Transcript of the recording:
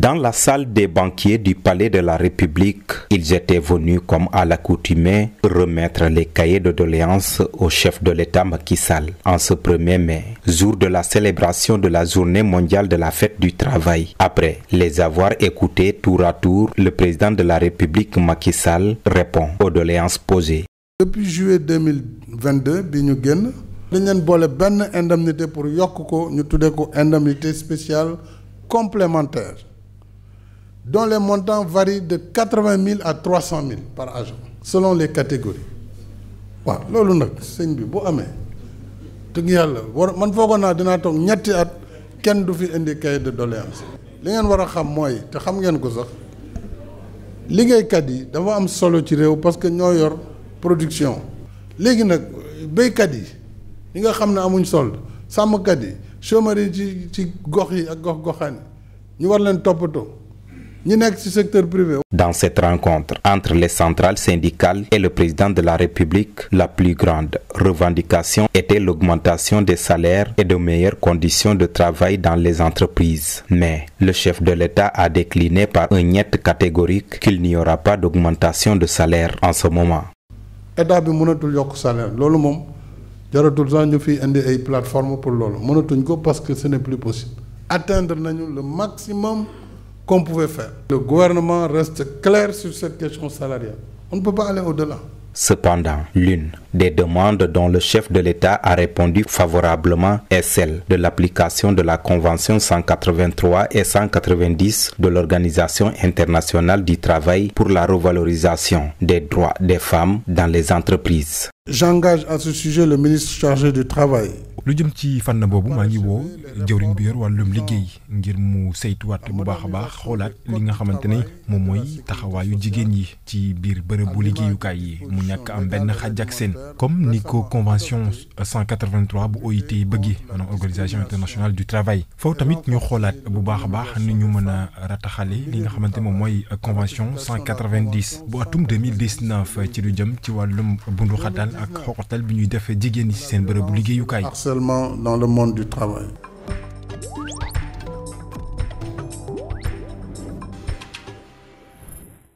Dans la salle des banquiers du Palais de la République, ils étaient venus comme à l'accoutumée remettre les cahiers de doléances au chef de l'État Macky Sall en ce 1er mai, jour de la célébration de la journée mondiale de la fête du travail. Après les avoir écoutés tour à tour, le président de la République Macky Sall répond aux doléances posées. dañ leen boole benn indemnité pour yokk ko ñu tuddee ko indemnité spécial complémentaire dont les montants varient de quatre-vingt mille à trois cent mille par agent selon les catégories waaw loolu nag sëñ bi bu amee dëgg yàlla war man foogoon naa dinaa toog ñetti at kenn du fi indi cahier de doléance li ngeen war a xam mooy te xam ngeen ko sax liggéeykat yi dafa am solo ci réew parce que ñoo yor production léegi nag béykat yi ñi nga xam na ne amuñ solde sàmmkat yi chômeurs yi ci gox yi ak gox goxaan yi ñu war leen toppatoo. Dans cette rencontre entre les centrales syndicales et le président de la République, la plus grande revendication était l'augmentation des salaires et de meilleures conditions de travail dans les entreprises. Mais le chef de l'État a décliné par un niet catégorique qu'il n'y aura pas d'augmentation de salaire en ce moment. jaratul sax ñu fi indi ay plateforme pour loolu mënatuñ ko parce que ce n'est plus possible atteindre nañu le maximum qu'on pouvait faire le gouvernement reste clair sur cette question salariale on ne peut pas aller au-delà Cependant, l'une des demandes dont le chef de l'État a répondu favorablement est celle de l'application de la Convention 183 et 190 de l'Organisation internationale du travail pour la revalorisation des droits des femmes dans les entreprises. lu jëm ci fanna boobu maa ngi woo jëwriñ bi yor wàllum liggéey ngir mu saytuwaat bu baax a baax xoolaat li nga xamante ne moom mooy taxawaayu jigéen yi ci biir bërëbu liggéeyukaay yi mu ñàkk am benn xaj ak seen comme ni ko convention 183 bu OIT bëggee maanaam organisation internationale du travail foofu tamit ñu xoolaat bu baax a baax ni ñu mën a rataxale li nga xamante moom mooy convention 190 bu atum 2019 ci lu jëm ci wàllum bundu xatal ak xoqatal bi ñuy def jigéen yi ci seen bërëbu liggéeyukaay seulement dans le monde du travail.